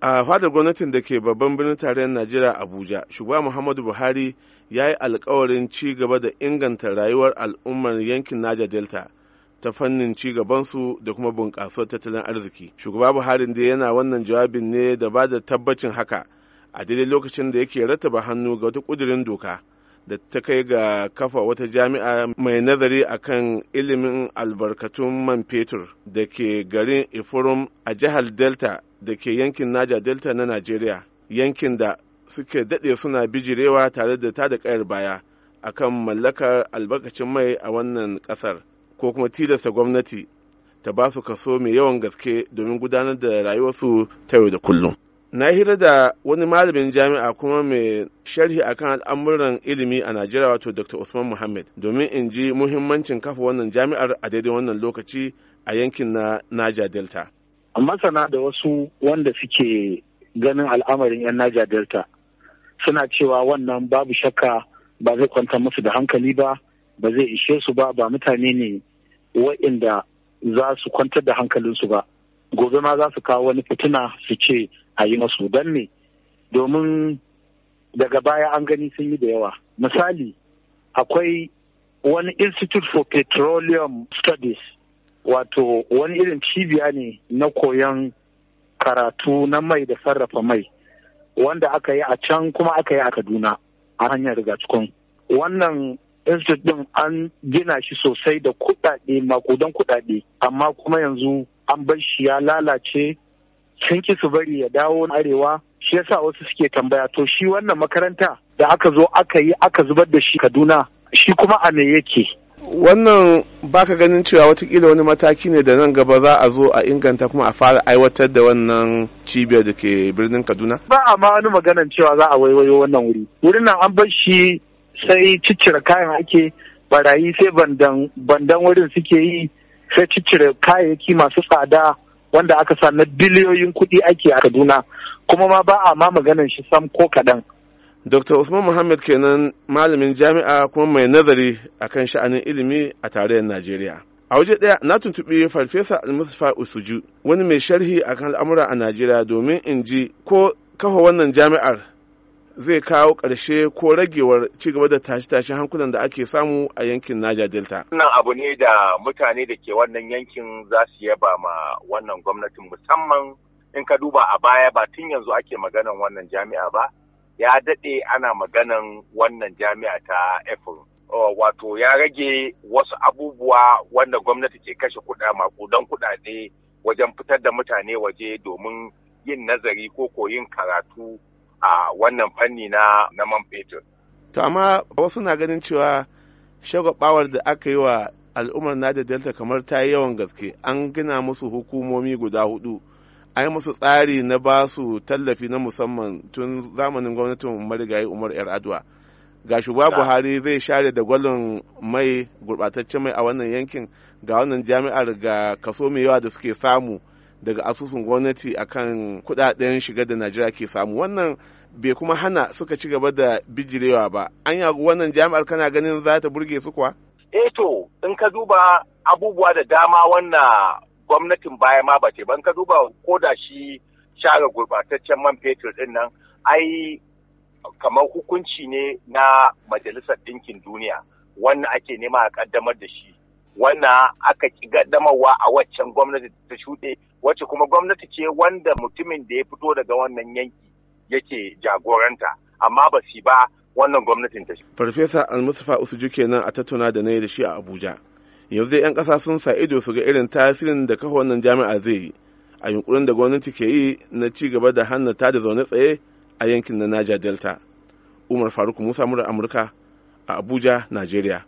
a fadar gwamnatin da ke babban birnin tarayyar najeriya abuja shugaba muhammadu buhari ya yi alkawarin ci gaba da inganta rayuwar al'ummar yankin naja delta ta fannin ci su da kuma bunƙasar tattalin arziki shugaba buhari da yana wannan jawabin ne da ba da tabbacin haka a daidai lokacin da yake rattaba hannu ga wata ƙudurin doka da ta kai ga kafa wata jami'a mai nazari a kan ilimin albarkatun man fetur da ke garin ifurum a jihar delta da ke yankin Naja Delta na Najeriya, yankin da suke daɗe suna bijirewa tare da ta da ƙayar baya a kan mallakar albarkacin mai a wannan ƙasar, ko kuma tilasta gwamnati ta ba su kaso mai yawan gaske domin gudanar da rayuwarsu ta yau da kullum. Na hira da wani malamin jami'a kuma mai sharhi akan al'amuran ilimi a Najeriya wato Dr. Usman Muhammad domin in ji muhimmancin kafa wannan jami'ar a daidai wannan lokaci a yankin na naja Delta. masana da wasu wanda suke ganin al'amarin 'yan Niger Delta suna cewa wannan babu shakka ba zai kwanta musu da hankali ba ba zai ishe su ba ba mutane ne wa'inda za su kwantar da hankalinsu ba gobe ma za su kawo wani fitina su ce a yi masu don ne domin daga baya an gani sun yi da yawa misali akwai wani institute for petroleum studies wato wani irin cibiya ne na koyon karatu na mai da sarrafa mai wanda aka yi a can kuma aka yi a kaduna a hanyar rigacikun wannan institute din an gina shi sosai da kudade makudan kudade amma kuma yanzu an bar shi ya lalace sun ki su bari ya dawo na arewa shi yasa wasu suke tambaya to shi wannan makaranta da aka zo aka yi aka zubar da shi kaduna shi kuma a me yake wannan baka ganin cewa watakila wani mataki ne da nan gaba za a zo a inganta kuma a fara aiwatar da wannan cibiyar da ke birnin kaduna ba a ma wani maganan cewa za a waiwayo wannan wuri wurin nan an bar shi sai ciccire kayan ake barayi sai bandan wurin suke yi sai ciccire kayayyaki masu tsada wanda aka sa na biliyoyin kuɗi ake a kaduna kuma ma ba a ma maganan shi sam ko kaɗan Dr. Usman Muhammad kenan malamin jami'a kuma mai nazari akan sha'anin ilimi a tarayyar Najeriya. A waje ɗaya na tuntuɓi Farfesa Almusfa Usuju wani mai sharhi akan al'amura a Najeriya domin in ji ko kafa wannan jami'ar zai kawo ƙarshe ko ragewar ci gaba da tashe-tashen hankulan da ake samu a yankin Naja Delta. Wannan abu ne da mutane da ke wannan yankin za su yaba ma wannan gwamnatin musamman in ka duba a baya ba tun yanzu ake maganan wannan jami'a ba ya daɗe ana maganan wannan jami'a ta Efron. Uh, wato ya rage wasu abubuwa wanda gwamnati ke kashe kuɗa don kuɗaɗe wajen fitar da mutane waje domin yin nazari ko koyin karatu a wannan fanni na na man fetur. To amma wasu na ganin cewa shagwabawar da aka yi wa al'ummar Niger Delta kamar ta yi yawan gaske an gina musu hukumomi guda hudu a yi musu tsari na ba su tallafi na musamman tun zamanin gwamnatin marigayi umar yar adwa ga shugaba buhari zai share da gwalin mai gurɓataccen mai a wannan yankin ga wannan jami'ar ga kaso mai yawa da suke samu daga asusun gwamnati akan kudaden shiga da najeriya ke samu wannan bai kuma hana suka ci gaba da bijirewa ba an wannan jami'ar kana ganin za ta burge su kuwa eh to in ka duba abubuwa da dama wannan gwamnatin baya ma ba ce ban ka duba ko da shi share gurbataccen man fetur din nan ai kamar hukunci ne na majalisar ɗinkin duniya wannan ake nema a kaddamar da shi wannan aka ki gaddamarwa a waccan gwamnati ta shuɗe wacce kuma gwamnati ce wanda mutumin da ya fito daga wannan yanki yake jagoranta amma ba su ba wannan gwamnatin ta Farfesa Almustapha Usuju kenan a tattauna da na da shi a Abuja. yanzu dai 'yan ƙasa sun sa ido su ga irin tasirin da kafa wannan jami'a zai yi a yunkurin da gwamnati ke yi na ci gaba da hannu ta da zaune tsaye a yankin na naja delta umar faruk musa mura amurka a abuja nigeria.